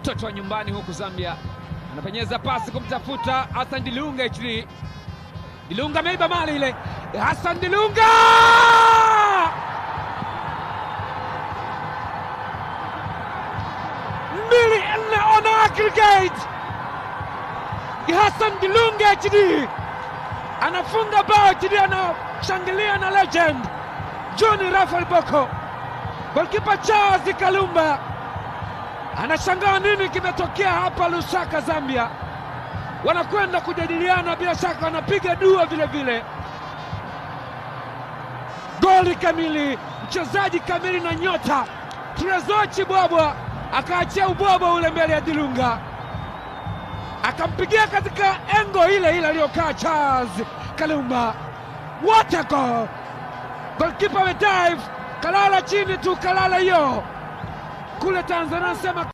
mtoto wa nyumbani huku Zambia anapenyeza pasi kumtafuta Hassan Dilunga. HD. Dilunga ameiba mali ile, Hassan Dilunga mbili nne on aggregate. Hassan Dilunga HD anafunga bao HD, anashangilia na legend John Rafael Boko, golkipa Charles Kalumba anashangaa nini kimetokea hapa Lusaka, Zambia. Wanakwenda kujadiliana, bila shaka wanapiga dua vile vile. Goli kamili, mchezaji kamili na nyota Trezor Chibwabwa akaachia ubwabwa ule mbele ya Dilunga, akampigia katika engo ile ile aliyokaa Charles Kalumba. What a goal! Golkipa dive, kalala chini tu, kalala hiyo kule Tanzania sema